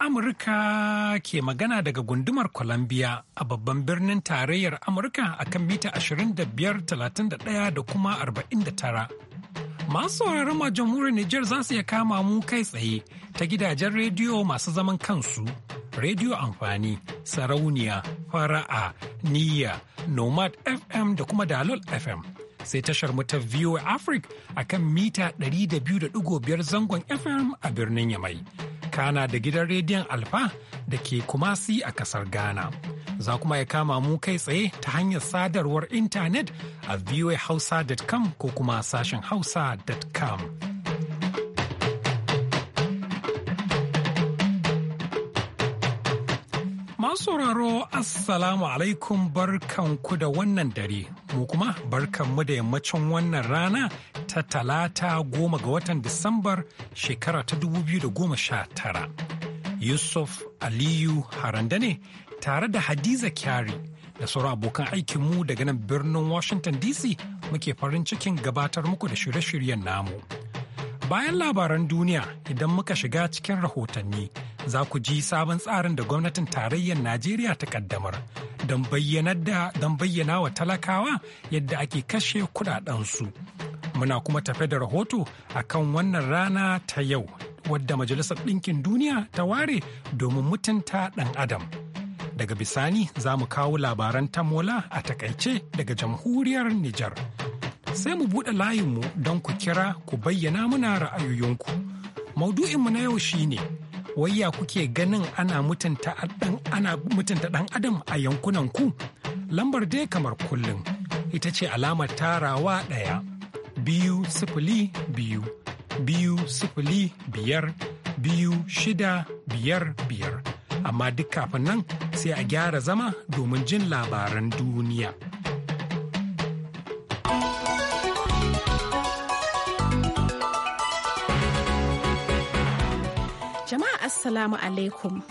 Amurka ke magana daga gundumar Columbia a babban birnin tarayyar Amurka a kan mita 25,31 da kuma 49. Masu sauraron jamhuriyar Nijar za su iya kama mu kai tsaye ta gidajen rediyo masu zaman kansu, rediyo amfani, sarauniya, fara'a, niyya, nomad FM da kuma dalol FM. sai tashar mu ta VOA Africa a kan mita 200.5 zangon FM a birnin Yamai. kana da gidan rediyon alfa da ke kumasi a kasar ghana za kuma ya kama mu kai tsaye ta hanyar sadarwar intanet a voahausa.com ko kuma sashen hausa.com Masu sauraro Assalamu alaikum barkanku da wannan dare, mu kuma barkanmu da yammacin wannan rana ta talata goma ga watan Disambar shekara ta dubu da goma sha tara. Yusuf Aliyu Haranda ne tare da Hadiza Kyari da sauran abokan aikinmu daga nan birnin Washington DC muke farin cikin gabatar muku da shirye-shiryen namu. Bayan labaran duniya idan muka shiga cikin rahotanni. za ku ji sabon tsarin da gwamnatin tarayyar Najeriya ta kaddamar don bayyana wa talakawa yadda ake kashe kudadensu. Muna kuma tafe da rahoto a kan wannan rana ta yau wadda Majalisar Ɗinkin Duniya ta ware domin mutunta ɗan Adam. Daga bisani za mu kawo labaran tamola a takaice daga jamhuriyar Nijar. Sai mu buɗe layinmu don ku kira ku bayyana muna ra'ayoyinku. Maudu'inmu na yau shine ne wayya kuke ganin ana mutunta ɗan adam a yankunan ku lambar dai kamar kullun ita ce alamar tarawa ɗaya biyu sifili biyu biyu sifili biyar biyu shida biyar biyar amma duk kafin nan sai a gyara zama domin jin labaran duniya. Assalamu alaikum.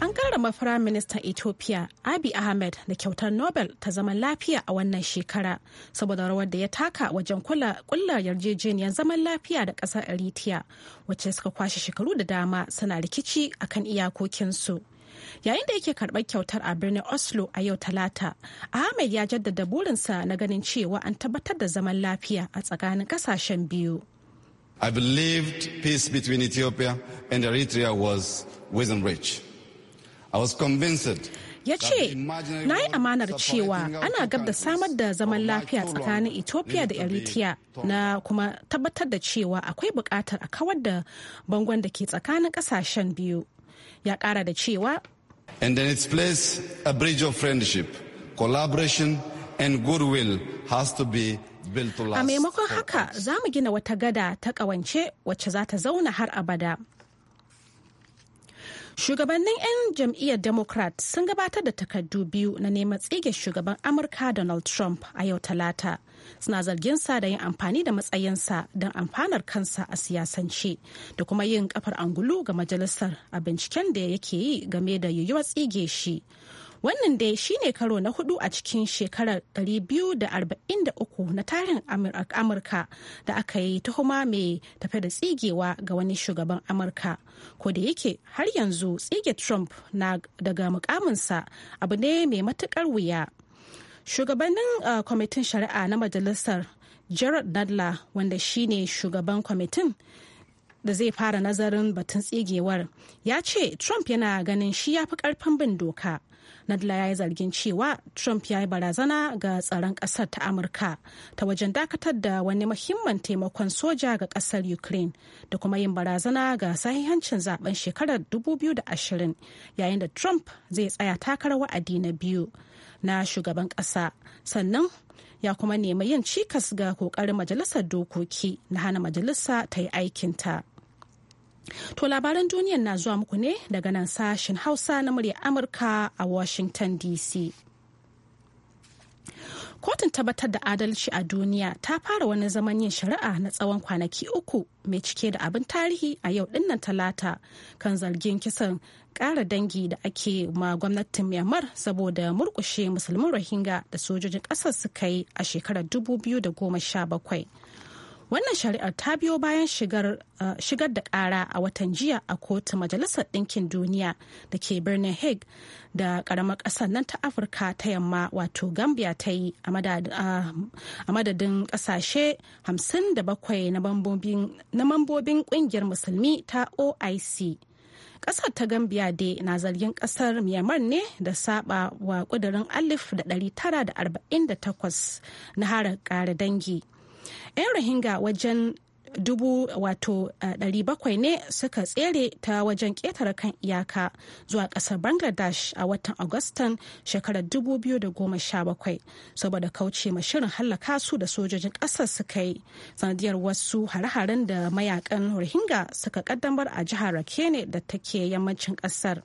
An karrama Firayim Ministan Ethiopia Abiy Ahmed da kyautar Nobel ta zaman lafiya a wannan shekara saboda rawar da ya taka wajen kulla yarjejeniyar zaman lafiya da ƙasar Eritrea wacce suka kwashe shekaru da dama suna rikici a akan iyakokinsu. yayin da yake karɓar kyautar a birnin oslo a yau talata ahmed ya jaddada burinsa na ganin cewa an tabbatar da zaman lafiya a tsakanin ƙasashen biyu I believed peace between Ethiopia and Eritrea was within reach. I was convinced ya ce na yi amanar cewa ana gab da samar da zaman lafiya tsakanin ethiopia da eritrea na kuma tabbatar da cewa akwai bukatar a kawar da bangon da ke tsakanin kasashen biyu ya kara da cewa and then its place a bridge of friendship collaboration and goodwill has to be A maimakon haka za mu gina wata gada ta ƙawance wacce za ta zauna har abada. Shugabannin 'yan jam'iyyar Democrat sun gabatar da takardu biyu na neman tsige shugaban Amurka Donald Trump a yau talata. Suna zargin sa da yin amfani da matsayinsa don amfanar kansa a siyasance da kuma yin kafar angulu ga majalisar a binciken da yake yi game da yiwuwar tsige shi. Wannan dai shine karo na hudu a cikin shekarar 243 na tarin Amurka da aka yi tuhuma mai tafe da tsigewa ga wani shugaban Amurka. Ko da yake har yanzu tsige Trump na daga mukaminsa abu ne mai matukar wuya. Shugabannin uh, kwamitin shari'a na majalisar jared Nadler wanda shine shugaban kwamitin da zai fara nazarin batun tsigewar ya ce trump yana ganin shi ya fi karfin bin doka nadla ya yi zargin cewa trump ya yi barazana ga tsaron kasar ta amurka ta wajen dakatar da wani mahimman taimakon soja ga kasar ukraine da kuma yin barazana ga sahihancin zaben shekarar 2020 yayin da trump zai tsaya takarar wa'adi na biyu na shugaban kasa sannan ya kuma nemi yin cikas ga kokarin majalisar dokoki na hana majalisa ta yi aikinta. To labaran duniyar na zuwa muku ne daga nan sashen Hausa na murya Amurka a Washington DC. kotun tabbatar da adalci a duniya ta fara wani zaman yin shari'a na tsawon kwanaki uku mai cike da abin tarihi a yau dinnan talata kan zargin kisan kara dangi da ake ma gwamnatin myanmar saboda murkushe musulmin rohingya da sojojin ƙasar suka yi a shekarar 2017 wannan shari'ar ta biyo bayan uh, shigar da ƙara a watan jiya a kotu majalisar ɗinkin duniya da ke birnin hague da ƙaramar ƙasar nan ta afirka ta yamma wato gambia ta yi a uh, madadin ƙasashe 57 na mambobin ƙungiyar musulmi ta oic ƙasar ta gambia dai na zargin ƙasar myanmar ne da saba wa ƙudurin alif da 948 na hara ƙara dangi 'yan rohingya wajen dubu wato eh, ɗari bakwai ne suka tsere ta wajen ƙetare kan iyaka zuwa ƙasar bangladesh a watan agustan shekarar da goma sha bakwai saboda kauce ma shirin hallaka su da sojojin ƙasar suka yi sanadiyar wasu hare-haren da mayakan rohingya suka ƙaddamar a jihar rakene da take yammacin ƙasar.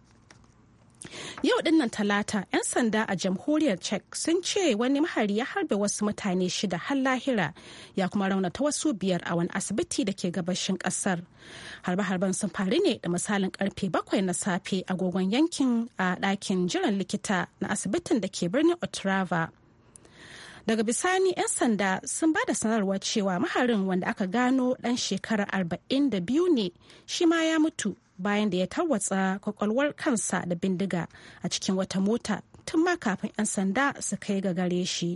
Yau dinnan talata 'yan sanda a jamhuriyar Czech sun ce wani mahari ya harbe wasu mutane shida har lahira ya kuma raunata wasu biyar a wani asibiti da ke gabashin kasar. Harbe-harben sun faru ne da misalin karfe bakwai na safe agogon yankin a ɗakin jiran likita na asibitin da ke birnin Otrava. daga bisani 'yan sanda sun ba da sanarwa cewa maharin wanda aka gano dan shekarar 42 ne shi ma ya mutu bayan da ya tarwatsa kwakwalwar kansa da bindiga a cikin wata mota tun ma kafin 'yan sanda su kai ga gare shi.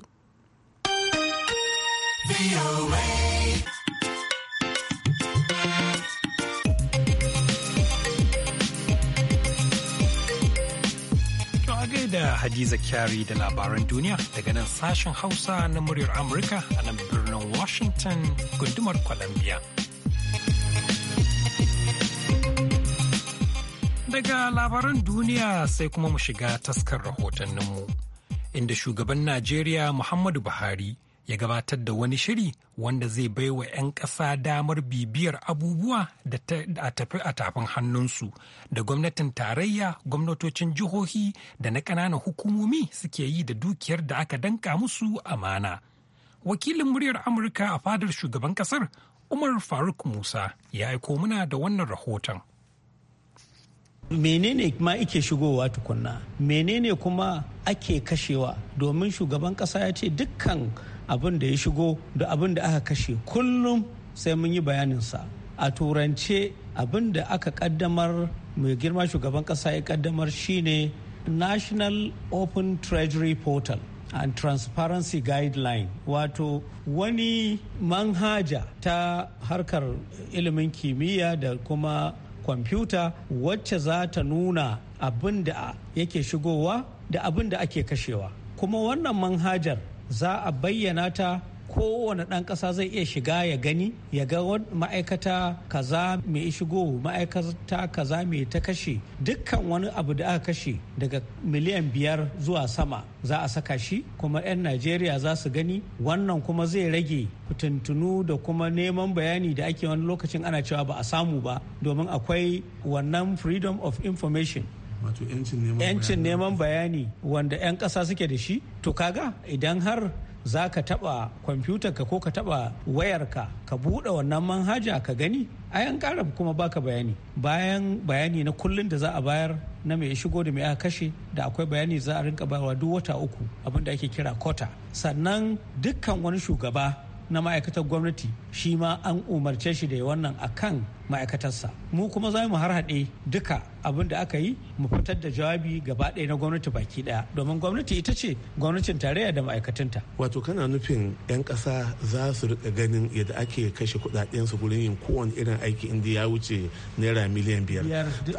da Hadiza Kyari da labaran duniya daga nan sashen Hausa na muryar Amurka a nan birnin Washington gundumar Columbia. daga labaran duniya sai kuma mu shiga taskar rahotanninmu inda shugaban najeriya muhammadu buhari ya gabatar da wani shiri wanda zai baiwa 'yan ƙasa damar bibiyar abubuwa da a tafi a tafin hannunsu da gwamnatin tarayya gwamnatocin jihohi da na ƙananan hukumomi suke yi da dukiyar da aka danka musu amana wakilin muryar amurka a fadar shugaban ƙasar umar faruk musa ya aiko muna da wannan rahoton menene ma ike shigowa tukunna menene kuma ake kashewa domin shugaban kasa ya ce dukkan abin da ya shigo da abin da aka kashe kullum sai mun yi bayaninsa a turance abin da aka kaddamar mai girma shugaban kasa ya kaddamar shine national open treasury portal and transparency guideline wato wani manhaja ta harkar ilimin kimiyya da kuma kwamfuta wacce za ta nuna abin da yake shigowa da abin da ake kashewa kuma wannan manhajar za a bayyana ta kowane ɗan ƙasa zai iya shiga ya gani ya ga ma'aikata kaza mai shigo ma'aikata kaza mai ta kashe dukkan wani abu da aka kashe daga miliyan biyar zuwa sama za a saka shi kuma 'yan najeriya za su gani wannan kuma zai rage fitintunu da kuma neman bayani da ake wani lokacin ana cewa ba a samu ba domin akwai wannan freedom of information yancin neman bayani wanda 'yan ƙasa suke da shi to kaga idan har za ka taɓa kwamfutarka ko ka taɓa wayarka ka buɗe wannan manhaja ka gani A yan ƙara kuma baka bayani bayan bayani na kullum da za a bayar na mai shigo da mai aka kashe da akwai bayani za a rinka bayarwa duk wata uku abin da ake kira kota sannan dukkan wani shugaba na ma'aikatar gwamnati shi ma an umarce shi da wannan akan ma'aikatarsa mu kuma za mu harhaɗe duka abin da aka yi mu fitar da jawabi gaba ɗaya na gwamnati baki ɗaya domin gwamnati ita ce gwamnatin tarayya da ma'aikatanta wato kana nufin 'yan ƙasa za su riƙa ganin yadda ake kashe kuɗaɗen su gurin yin kowane irin aiki inda ya wuce naira miliyan biyar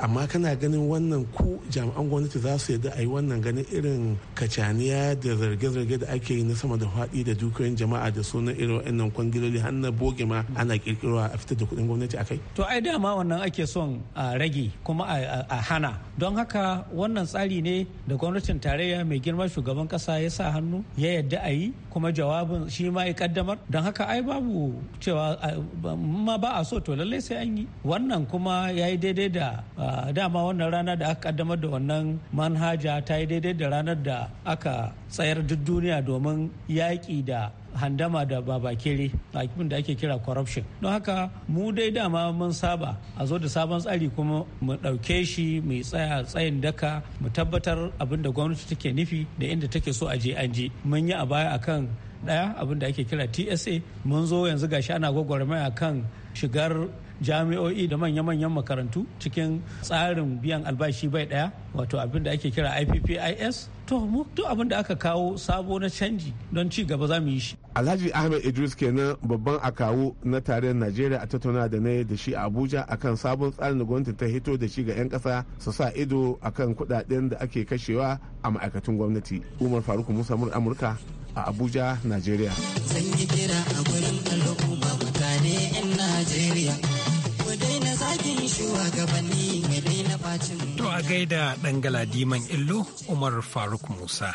amma kana ganin wannan ku jami'an gwamnati za su yadda a yi wannan ganin irin kacaniya da zarge-zarge da ake yi na sama da faɗi da dukiyoyin jama'a da sunan irin wa'annan kwangiloli har na boge ma ana kirkirowa a fitar da kuɗin gwamnati akai to ai dama wannan ake son a rage kuma a hana don haka wannan tsari ne da gwamnatin tarayya mai girman shugaban kasa ya sa hannu ya yadda a yi kuma jawabin shi ma ya kaddamar don haka ai babu cewa ma ba a so to lallai sai an yi wannan kuma ya yi daidai da dama wannan rana da aka kaddamar da wannan manhaja ta yi daidai da ranar da aka tsayar duk duniya domin yaƙi da handama da babakere abin da ake kira corruption don haka mu dai dama mun saba a zo da sabon tsari kuma mu ɗauke shi mu tsaya tsayin daka mu tabbatar abin da gwamnati take nufi da inda take so a je an je mun yi a baya akan daya abin da ake kira tsa mun zo yanzu gashi ana gwagwarmaya kan shigar jami'o'i da manya-manyan makarantu cikin tsarin biyan albashi bai daya wato abin da ake kira IPPIS to abin da aka kawo sabo na canji don ci gaba za mu yi shi. Alhaji Ahmed Idris kenan babban akawu na tarayyar Najeriya a tattauna da na da shi a Abuja akan sabon tsarin gwamnati ta hito da shi ga 'yan kasa su sa ido akan kudaden da ake kashewa a ma'aikatan gwamnati. Umar Faruk Musa Amurka a Abuja, Najeriya. Zan yi kira a gurin al'umma mutane 'yan Najeriya. shugabanni To a gaida ɗan galadiman illo Umar Faruk Musa.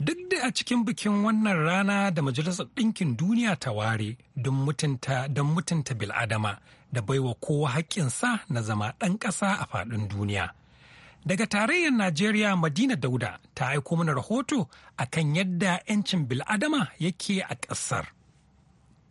Duk da a cikin bikin wannan rana da Majalisar Ɗinkin Duniya ta ware don mutunta don mutunta bil'adama da baiwa kowa haƙƙinsa na zama ɗan ƙasa a faɗin duniya. Daga tarayyar Najeriya Madina Dauda ta aiko mana rahoto akan yadda 'yancin bil'adama yake a ƙasar.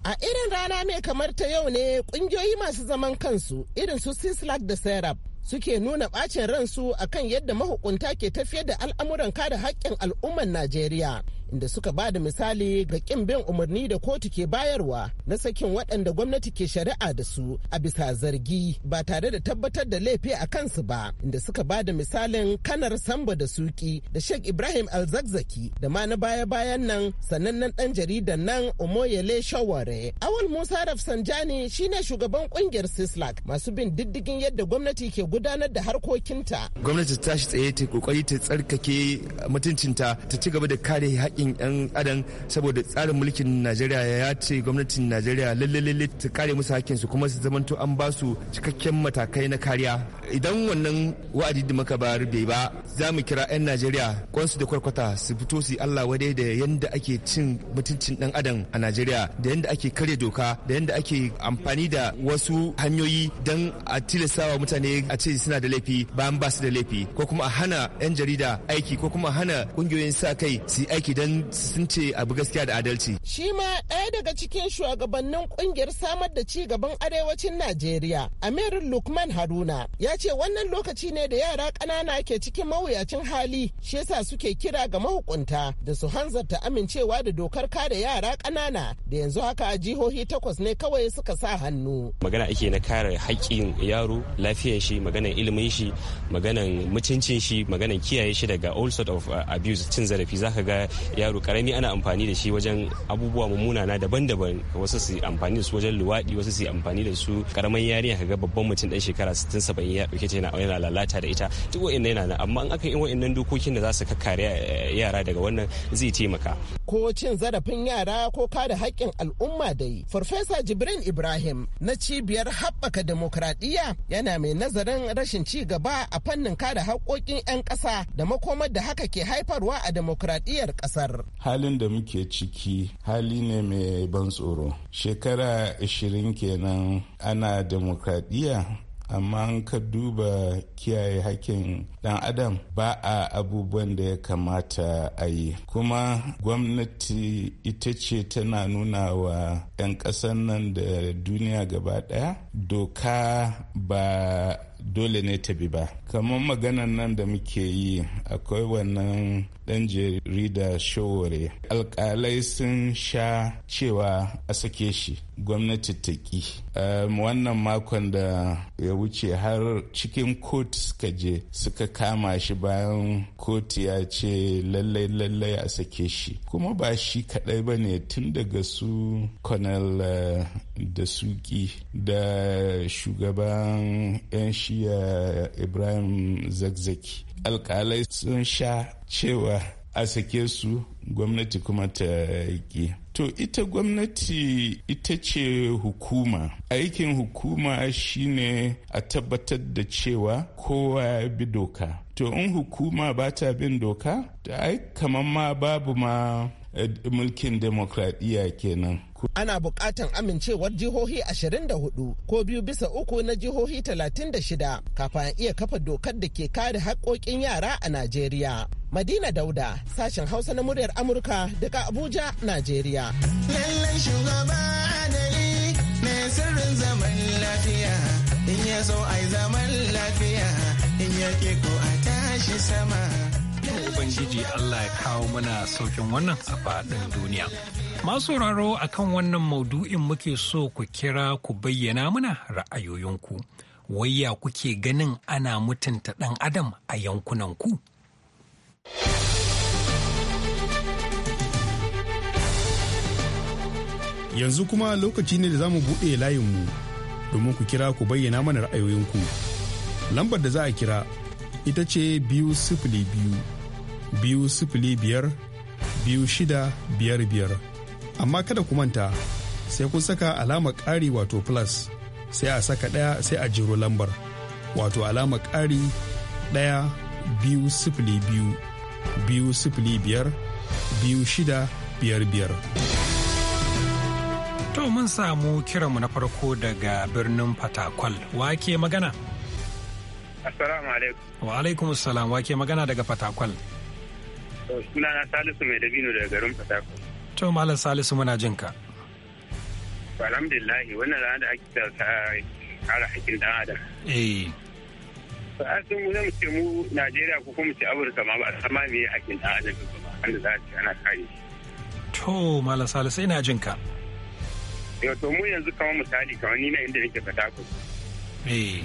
A irin rana mai kamar ta yau ne kungiyoyi masu zaman kansu irin su Sislak da Serap suke nuna bacin ransu akan yadda mahukunta ke tafiyar da al'amuran kada haƙƙin al'ummar Najeriya. da suka ba da misali ga kin bin umarni da kotu ke bayarwa na sakin waɗanda gwamnati ke shari'a da su a bisa zargi ba tare da tabbatar da laifi a kansu ba inda suka ba da misalin kanar samba da suki da sheikh ibrahim alzakzaki da ma na baya-bayan nan sanannen dan jaridan nan omoyele shaware awal musa rafsanjani shine shugaban kungiyar sislak masu bin diddigin yadda gwamnati ke gudanar da harkokinta gwamnati ta shi tsaye ta kokari ta tsarkake mutuncinta ta ci gaba da kare haƙƙin haƙƙin 'yan adam saboda tsarin mulkin najeriya ya ce gwamnatin najeriya lalle lalle ta kare musu haƙƙin su kuma su zamanto an ba su cikakken matakai na kariya idan wannan wa'adi da muka ba bai ba za mu kira 'yan najeriya kwansu da kwarkwata su fito su allah wadai da yadda ake cin mutuncin dan adam a najeriya da yadda ake kare doka da yadda ake amfani da wasu hanyoyi don a tilasta wa mutane a ce suna da laifi bayan ba su da laifi ko kuma a hana 'yan jarida aiki ko kuma a hana ƙungiyoyin sa kai su yi aiki don don sun ce abu gaskiya da adalci. Shi ma ɗaya daga cikin shugabannin kungiyar samar da ci gaban arewacin Najeriya, Amirul Lukman Haruna, ya ce wannan lokaci ne da yara ƙanana ke cikin mawuyacin hali, shi yasa suke kira ga mahukunta da su hanzarta amincewa da dokar kare yara ƙanana da yanzu haka jihohi takwas ne kawai suka sa hannu. Magana ake na kare haƙƙin yaro, lafiyar shi, maganar ilimin shi, maganar mutuncin shi, maganan kiyaye shi daga all sort of uh, abuse cin zarafi zaka ga yaro karami ana amfani da shi wajen abubuwa mummunana daban-daban wasu su amfani da su wajen luwaɗi wasu su amfani da su karaman yarinya kaga babban mutum dan shekara 60 70 ya dauke ta yana lalata da ita duk wa'annan yana nan amma an aka yi wa'annan dokokin da za su kakkare eh, yara daga wannan zai taimaka ko cin zarafin yara ko kada haƙƙin al'umma dai farfesa jibrin ibrahim na cibiyar haɓaka demokradiyya yana mai nazarin rashin ci gaba a fannin kada haƙƙoƙin 'yan ƙasa da makomar da haka ke haifarwa a demokradiyyar ƙasa kasar. Halin da muke ciki hali ne mai ban tsoro. Shekara 20 kenan ana demokradiyya amma an ka duba kiyaye hakkin dan adam ba a abubuwan da ya kamata a yi kuma gwamnati ita ce tana nuna wa 'yan ƙasan nan da duniya gaba ɗaya doka ba dole ne ta bi ba kamar maganan nan da muke yi akwai wannan dan jarida showore alkalai sun sha cewa a sake shi gwamnati ta ki um, wannan makon da ya wuce har cikin kotu suka je suka kama shi bayan kotu ya ce lallai lallai a sake shi kuma ba shi kadai ba ne tun daga su colonel uh, da suki da shugaban 'yan shiya ibrahim zakzaki alkalai sun sha cewa a sake su gwamnati kuma ta yi to ita gwamnati ita ce hukuma aikin hukuma shine a tabbatar da cewa kowa ya bi doka to in hukuma ba ta bin doka to ai kamar ma babu ma eh, mulkin demokradiyya kenan Ana buƙatan amincewar jihohi 24 ko biyu bisa uku na jihohi 36 kafin iya kafa dokar da ke kare haƙoƙin yara a Najeriya. Madina Dauda, sashen Hausa na muryar Amurka daga Abuja, Najeriya. Lallai shugaba adali mai sirrin zaman lafiya, in ya zo ai zaman lafiya, in ya ko a tashi sama. Ubangiji Allah ya kawo mana saukin wannan a faɗin duniya. Masu sauraro a kan wannan maudu'in muke so ku kira ku bayyana mana ra'ayoyinku. Wayya kuke ganin ana mutunta ɗan adam a yankunanku? Yanzu kuma lokaci ne da za mu buɗe layinmu domin ku kira ku bayyana mana ra'ayoyinku. Lambar da za a kira ita ce biyu sifili biyu biyu sifili biyar biyu shida biyar biyar amma kada ku manta sai kun saka alama ƙari wato plus sai a saka ɗaya sai a jiro lambar wato alama ƙari ɗaya biyu sifili biyu biyu sifili biyar biyu shida biyar biyar. To mun samu mu na farko daga birnin Fatakwal. Wake magana? Assalamu alaikum. Wa alaikum assalam wake magana daga Fatakwal. Suna Salisu mai dabino daga garin Fatako. To Malam Salisu muna jin ka. Alhamdulillahi wannan rana da ake kara haƙƙin ɗan adam. Eh. Ba sun mu ce mu Najeriya ko kuma ce Amurka ma ba a sama me haƙƙin ɗan adam ba wanda za a ce ana kare To Malam Salisu ina jin ka. Yau eh, to mu yanzu kamar misali kamar ni na inda nake Fatako. Eh.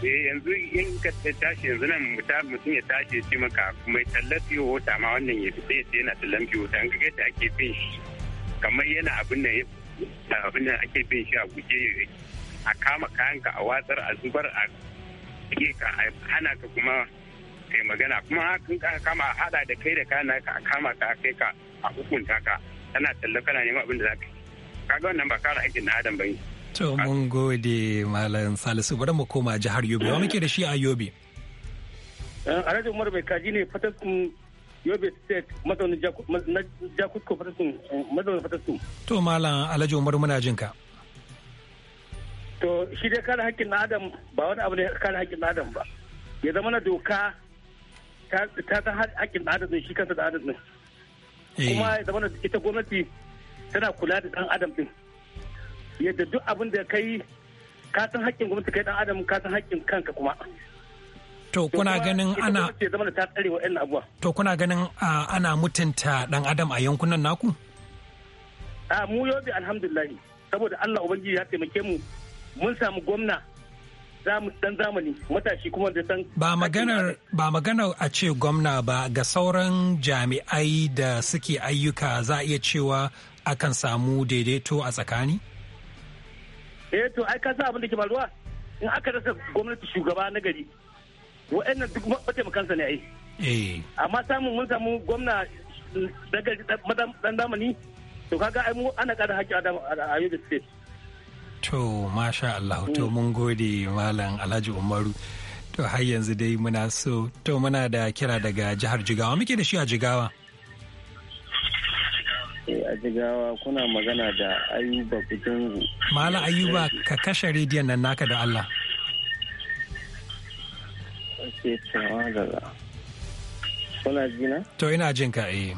Eh, yanzu in ka tashi yanzu nan mutum ya tashi ya ce maka mai tallafi wata ma wannan ya fita ya yana tallafi wata an ga yadda ake bin shi kamar yana abin da abin da ake bin shi a guje a kama kayanka a watsar a zubar a ka a hana ka kuma kai magana kuma kun kama a hada da kai da kana ka a kama ka kai ka a hukunta ka kana tallafa kana neman abin da za ka yi kaga wannan ba kara aikin na adam ba ne. To mun gode Malam Salisu bari mu koma jihar Yobe. Wa muke da shi a Yobe? Eh, Alhaji Umar Bai Kaji ne fatakun Yobe State mazaunin Jakutko fatakun mazaunin fatakun. To Malam Alhaji Umar muna jin ka. To shi dai kare hakkin na Adam ba wani abu ne kare hakkin na Adam ba. Ya zama na doka ta ta hakkin na Adam shi kansa da Adam din. Eh. Kuma ya zama ita gwamnati tana kula da dan Adam din. yadda duk abin da kai ka san haƙƙin gwamnati kai dan adam ka san haƙƙin kanka kuma to kuna ganin ana ta tsare wa abuwa to kuna ganin ana mutunta dan adam a yankunan naku a mu yobe alhamdulillah saboda Allah ubangiji ya taimake mu mun samu gwamna dan zamani matashi kuma da san ba maganar ba maganar a ce gwamna ba ga sauran jami'ai da suke ayyuka za a iya cewa akan samu daidaito a tsakani? eh to ai ka sa abin da ke faruwa in aka rasa gwamnati shugaba na gari wa'annan duk kansa ne ai eh. amma samun mun samu gwamna daga dan zamani to kaga ai mu ana kada haƙƙi a Yobe State to masha Allah to mm. mun gode malam Alhaji Umaru to har yanzu dai muna so to muna da kira daga jihar Jigawa muke da shi a Jigawa a jigawa kuna magana da ayuba kutungu mala ayuba ka kashe rediyon nan naka da allah kuna jina to ina jin ka eh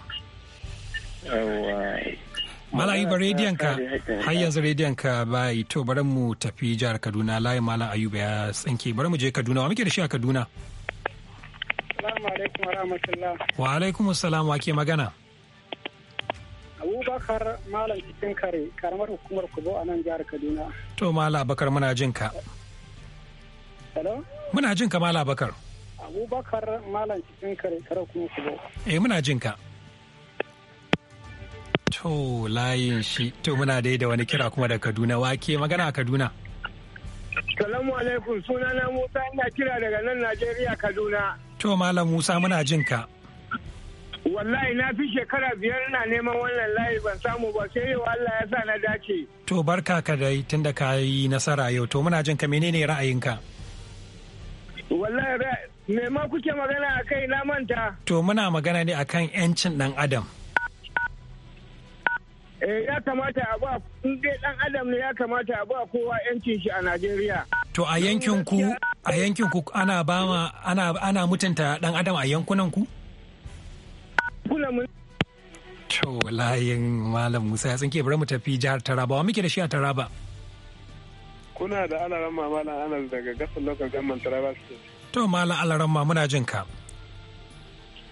mala ayuba rediyon ka har yanzu rediyon ka bai to bari mu tafi jihar kaduna layi mala ayuba ya tsinke bari mu je kaduna wa muke da shi a kaduna wa alaikum wa rahmatullah. Wa alaikum assalam wa ke magana? abubakar malam cikin kare karamar hukumar kubo a nan jihar kaduna to malam abakar muna jin ka hello muna jin ka malam abakar abubakar malam cikin kare karar hukumar kubo eh muna jin ka to layin shi to muna dai da wani kira kuma da kaduna wake magana a kaduna salamu alaikum Suna na musa ina kira daga nan najeriya kaduna to malam musa muna jin ka Wallahi na fi shekara biyar na neman wannan layi ban samu ba sai yau Allah ya sa na dace. To barka ka dai tunda ka yi nasara yau to muna jin ka menene ra'ayinka? Wallahi me ma kuke magana a kai na manta. To muna magana ne akan 'yancin ɗan adam. Eh ya kamata a ba in dai dan adam ne ya kamata a ba kowa 'yancin shi a Najeriya. To a yankin ku a yankin ku ana ba ana mutunta ɗan adam a yankunan ku? nuna mun To layin Malam Musa ya tsinke bari mu tafi jihar Taraba. Wa muke da shi a Taraba? Kuna da alaran Malam Anas daga gasar lokal gamman Taraba State. To Malam alaran ma muna jin ka.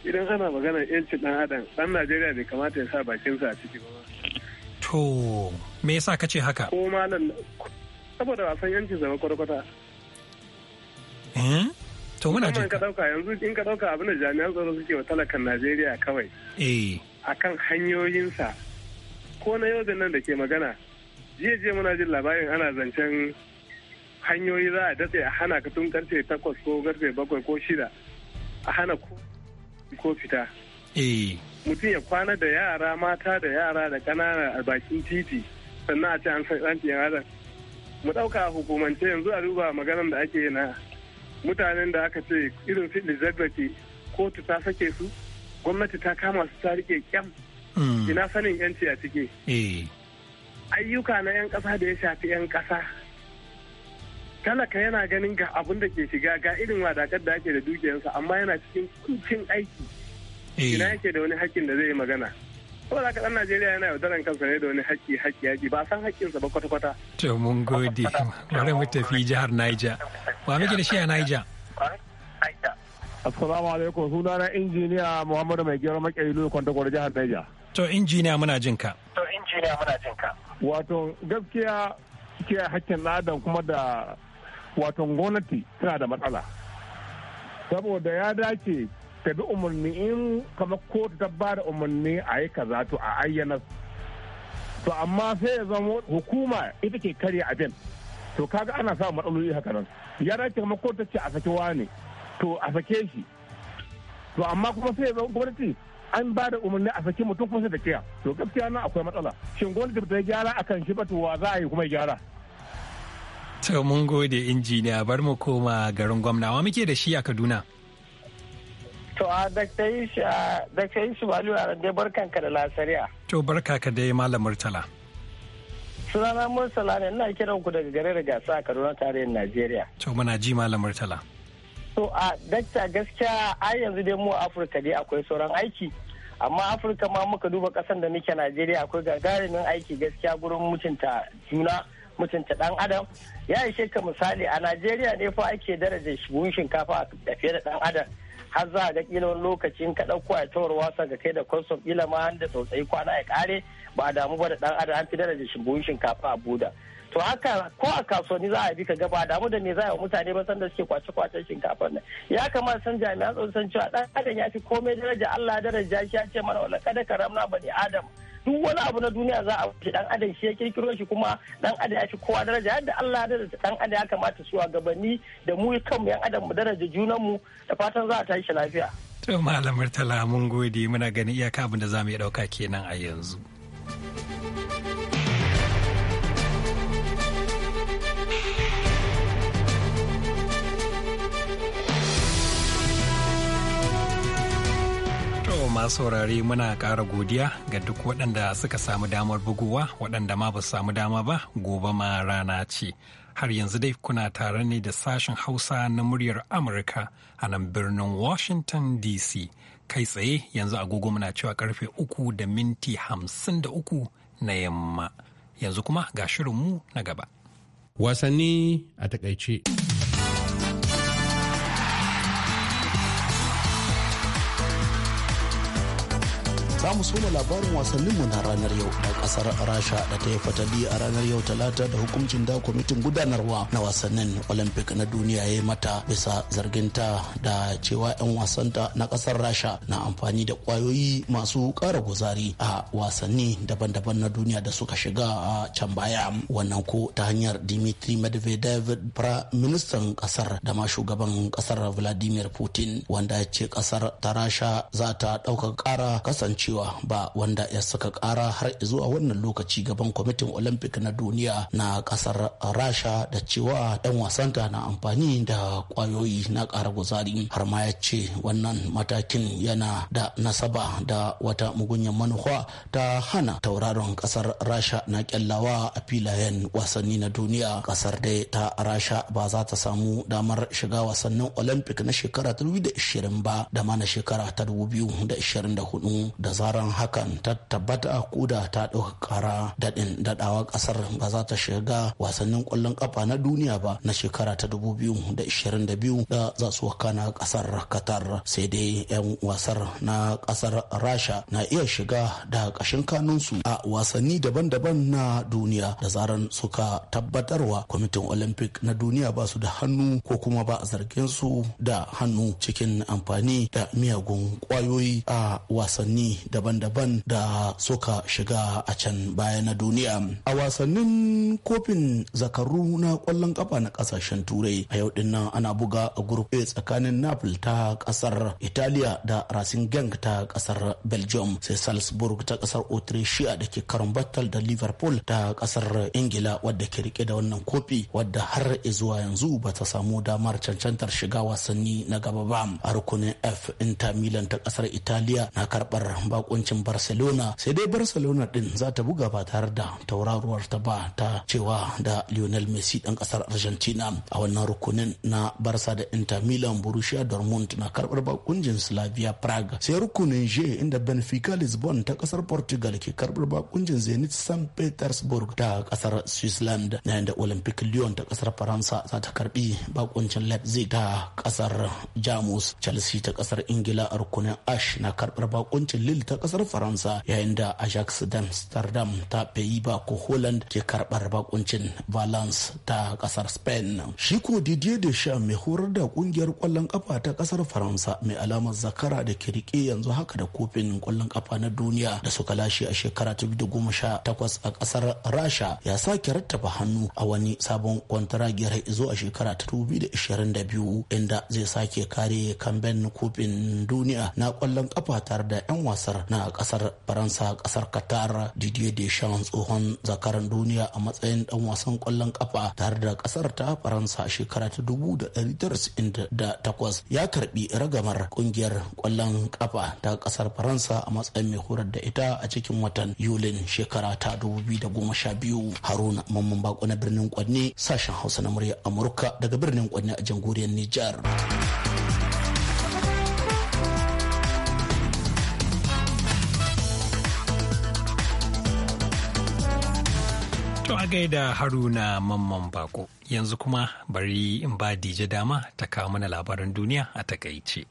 Idan ana magana yanci dan adam, dan Najeriya bai kamata ya sa bakinsa a ciki ba. To me yasa ka ce haka? Ko malam saboda wasan yanci zama kwarkwata eh hmm? to muna jin ka dauka yanzu in ka dauka abin da jami'an tsaro suke wa talakan Najeriya kawai eh akan hanyoyinsa ko na yau da nan da ke magana jiya je muna jin labarin ana zancen hanyoyi za a datse a hana ka tun karfe takwas ko karfe bakwai ko shida a hana ko fita eh. mutum ya kwana da yara mata da yara da kanana a bakin titi sannan a ce an san yan adam mu ɗauka a hukumance yanzu a duba maganar da ake na mutanen da aka ce irin su Elizabeth kotu ta sake su gwamnati ta kama su ta rike kyam hmm. ina sanin yanci a ciki eh. ayyuka na 'yan ƙasa da ya shafi 'yan ƙasa talaka yana ganin ga abin da ke shiga ga irin wadakar da ake da dukiyarsa amma yana cikin kucin aiki eh. ina yake da wani hakkin da zai yi magana saboda haka Najeriya yana yaudaran kansa ne da wani haƙƙi haƙƙi haƙƙi ba san haƙƙinsa ba kwata-kwata to mun gode bari mu tafi jihar Niger Wa muke da shi a Niger? Assalamu alaikum suna na injiniya Muhammadu Mai Gero Makeri Lulu Kwantagwar jihar Niger. To injiniya muna jin ka. To injiniya muna jin ka. Wato gaskiya ke hakkin ladan kuma da wato gwamnati tana da matsala. Saboda ya dace ta bi umarni in kamar kotu ta ba da umarni a yi kaza to a ayyana. To amma sai ya zama hukuma ita ke karya abin. to kaga ana samun matsaloli haka nan ya dace kuma ko ta ce a sake wani to a sake shi to amma kuma sai zama gwamnati an ba da umarni a sake mutum kuma sai da kiya to gaskiya na akwai matsala shin gwamnati ta gyara akan shi ba to wa za a yi kuma gyara to mun gode injiniya bar mu koma garin gwamna wa muke da shi a Kaduna to a daktayi shi a dakta shi balu a barkanka da lasariya to barka ka dai malam murtala sunana murtala ne ina kiran ku daga garin gasa a kaduna tarihin najeriya to muna ji malam murtala to a dakta gaskiya a yanzu dai mu afirka dai akwai sauran aiki amma afirka ma muka duba kasan da muke najeriya akwai gagarumin aiki gaskiya gurin mutunta juna mutunta dan adam ya ishe misali a najeriya ne fa ake daraja buhun shinkafa a fiye da dan adam har za a ga kila wani lokacin ka ɗauko a tawar wasa ga kai da kwansom kila ma da tsautsayi kwana ya kare ba a damu ba da ɗan adam an fi daraja buhun shinkafa a buda to haka ko a kasuwanni za a bi ka ga ba damu da me za a yi mutane ba san suke kwace kwacen shinkafa nan ya kamata san jami'an tsohon san cewa ɗan adam ya fi komai daraja Allah daraja shi ya ce mana wala kada karamna bani adam duk wani abu na duniya za a wuce dan adam shi ya kirkiro shi kuma dan adam ya fi kowa daraja yadda Allah ya dan adam ya kamata su gabanni da mu mu yan adam mu daraja junan mu da fatan za a tashi lafiya to malamar tala mun gode muna ganin iyaka abin da za mu iya dauka kenan a yanzu masu saurare muna ƙara godiya ga duk waɗanda suka samu damar buguwa waɗanda ma ba su samu dama ba gobe ma rana ce. Har yanzu dai kuna tare ne da sashen Hausa na muryar Amurka a nan birnin Washington DC. Kai tsaye yanzu agogo muna cewa karfe uku da minti hamsin da uku na yamma. Yanzu kuma ga shirinmu na gaba. Wasanni a takaice. za mu soma labarin wasanninmu na ranar yau da kasar rasha da ta yi fatali a ranar yau talata da hukuncin da kwamitin gudanarwa na wasannin olympic na duniya ya yi mata bisa zarginta da cewa 'yan wasanta na kasar rasha na amfani da kwayoyi masu kara guzari a wasanni daban-daban na duniya da suka shiga a can baya wannan ko ta hanyar dimitri medvedev ministan kasar da ma shugaban kasar vladimir putin wanda ya ce kasar ta rasha za ta dauka kara kasancewa cewa ba wanda ya saka kara har zuwa wannan lokaci gaban kwamitin olympic na duniya na kasar rasha da cewa dan wasanta na amfani da kwayoyi na kara guzari har ma ya ce wannan matakin yana da nasaba da wata mugunyan manufa ta hana tauraron kasar rasha na kyallawa a filayen wasanni na duniya kasar dai ta rasha ba za ta samu damar shiga wasannin olympic na shekara 2020 ba da ma na shekara ta 2024 da za labaran hakan ta tabbata kuda ta ɗauka kara daɗin daɗawa ƙasar ba za ta shiga wasannin ƙwallon ƙafa na duniya ba na shekara ta 2022 da za su na ƙasar qatar sai dai 'yan wasar na ƙasar rasha na iya shiga da ƙashin kanunsu a wasanni daban-daban na duniya da zaran suka tabbatarwa kwamitin olympic na duniya ba su da hannu ko kuma ba a su da hannu cikin amfani da miyagun ƙwayoyi a wasanni da daban-daban da suka shiga a can baya na duniya a wasannin kofin zakaru na kwallon kafa na kasashen turai a yau dinnan ana buga a group a tsakanin napoli ta kasar italiya da racing gang ta kasar belgium sai salzburg ta kasar autricia da ke karon battle da liverpool ta kasar ingila wadda ke rike da wannan kofi wadda har zuwa yanzu ba ta samu damar cancantar shiga wasanni na gaba ba a rukunin f inter milan ta kasar italiya na karbar bakuncin barcelona sai dai barcelona din za ta buga ba tare da tauraruwar ta ba ta cewa da lionel messi dan kasar argentina a wannan rukunin na barsa da inter milan borussia dortmund na karbar bakuncin slavia prague sai rukunin je inda benfica lisbon ta kasar portugal ke karbar bakuncin zenit st petersburg ta kasar switzerland na yadda olympic lyon ta kasar faransa za ta karbi bakuncin leipzig ta kasar jamus chelsea ta kasar ingila a rukunin ash na karbar bakuncin lille ta kasar faransa yayin da ajax amsterdam ta bayi ba ko holland ke karbar bakuncin valence ta kasar spain shi ko da sha mai horar da kungiyar kwallon kafa ta kasar faransa mai alamar zakara da ke yanzu haka da kofin kwallon kafa na duniya da suka lashe a shekara ta goma sha takwas a kasar rasha ya sake rattaba hannu a wani sabon kwantaragiyar izo a shekara ta biyu inda zai sake kare kamben kofin duniya na kwallon kafa tare da 'yan wasar na kasar faransa kasar qatar didier deschamps tsohon zakaran duniya a matsayin dan wasan kwallon kafa tare da kasar ta faransa shekara ta takwas ya karbi ragamar kungiyar kwallon kafa ta kasar faransa a matsayin mai horar da ita a cikin watan yulin shekara ta biyu haruna mamman bako na birnin kwanne sashen hausa na murya amurka daga birnin kwanne a jamhuriyar nijar a gaida haruna mamman bako yanzu kuma bari in ba dije dama ta kawo mana labaran duniya a takaice.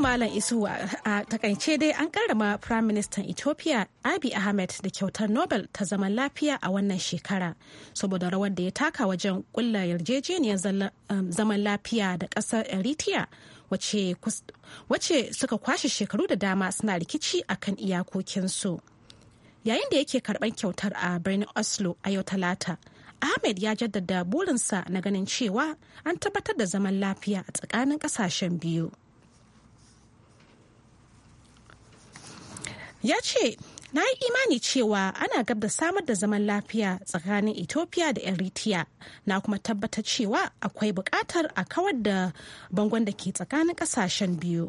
Malam Isu a takaice dai an karrama Prime Minister Ethiopia Abiy Ahmed da kyautar Nobel ta zaman lafiya a wannan shekara saboda rawar da ya taka wajen kulla yarjejeniyar um, zaman lafiya da ƙasar Eritrea wace suka kwashe shekaru da dama suna rikici akan iyakokinsu yayin da yake karɓar kyautar a birnin oslo a yau talata ahmed ya jaddada burinsa na ganin cewa an tabbatar da zaman lafiya a tsakanin ƙasashen biyu ya ce na yi imani cewa ana gab da samar da zaman lafiya tsakanin ethiopia da eritrea na kuma tabbatar cewa akwai bukatar a kawar da bangon da ke tsakanin kasashen biyu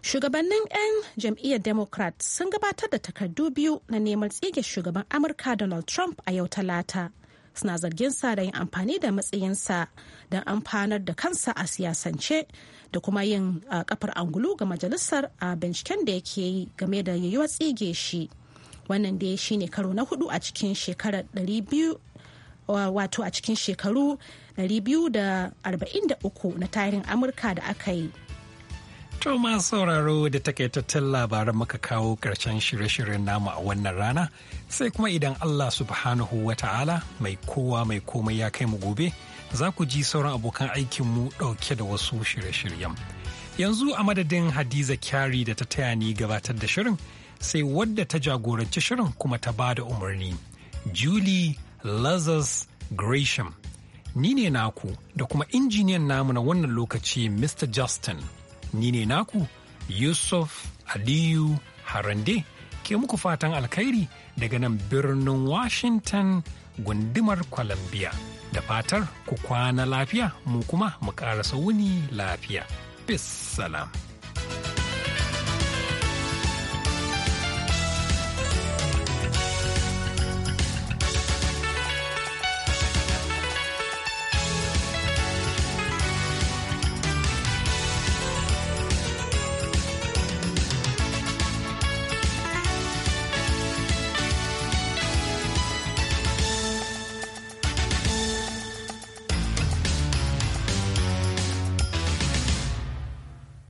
shugabannin 'yan jam'iyyar democrat sun gabatar da takardu biyu na neman tsige shugaban amurka donald trump a yau talata suna zargin sa da yin amfani da matsayinsa don amfanar da kansa a siyasance da kuma yin kafar angulu ga majalisar a binciken da yake yi game da yiwuwar tsige shi wannan da shi ne karo na hudu a cikin shekarar 200 wato a cikin shekaru 243 na tarihin amurka da aka yi To masu sauraro da takaitattun labaran muka kawo ƙarshen shirye-shiryen namu a wannan rana sai kuma idan Allah subhanahu wa ta'ala mai kowa mai komai ya kai mu gobe za ku ji sauran abokan aikinmu ɗauke da wasu shirye-shiryen. Yanzu a madadin Hadiza Kyari da ta taya ni gabatar da shirin sai wadda ta jagoranci shirin kuma ta ba da umarni. Julie Lazarus Gresham. Ni ne naku da kuma injiniyan namu na wannan lokaci Mr. Justin. ni ne naku Yusuf Aliyu Harande ke muku fatan alkhairi daga nan birnin Washington gundumar Columbia. Da fatar ku kwana lafiya mu kuma mu karasa wuni lafiya. Bis salam.